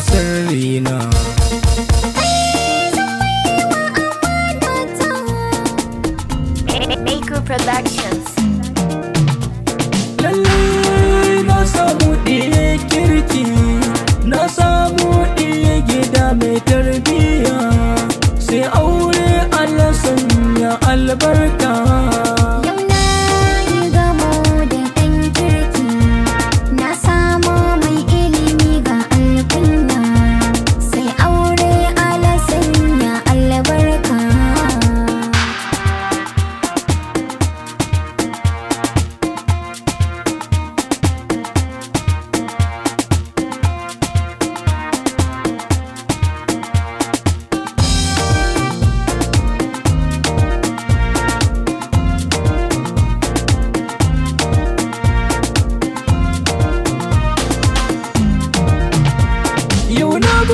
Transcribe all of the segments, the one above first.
sirrina Productions. Lallai na samu ɗiye kirki, na samu ɗiye gida mai tarbiyya, sai aure a sanya albarka.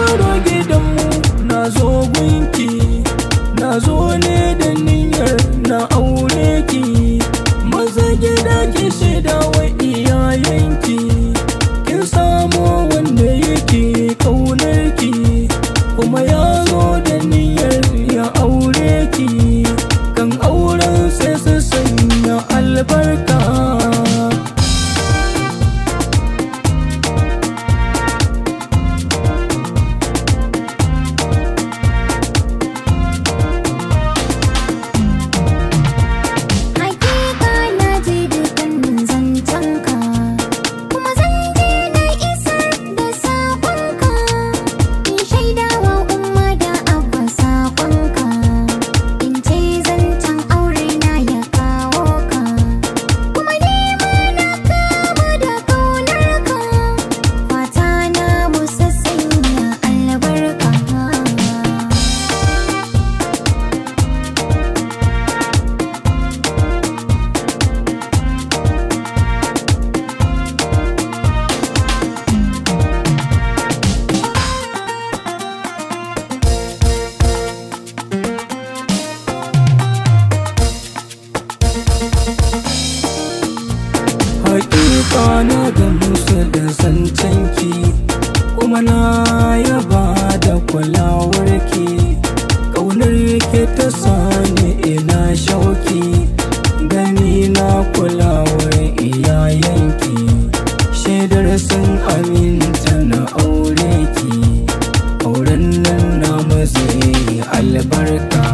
baro gidanmu na zo gunki na zo ne da niyyar na aure ki maza gida ki shida Hakika na da musu da zancenki Kuma na yaba da kulawarki Ƙaunar ke ta sani ina shauki Gani na kulawar iyayenki Shaidar sun aminta na aure ki Auren nan na mazi albarka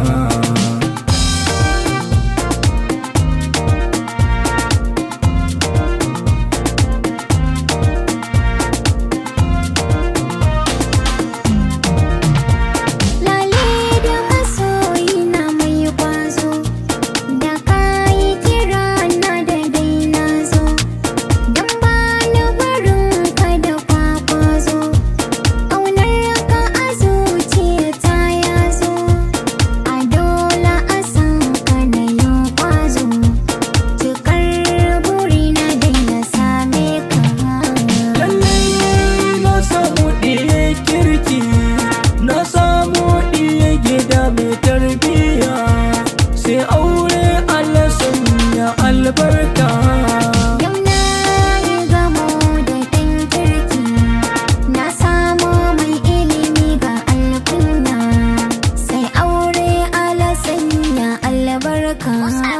come.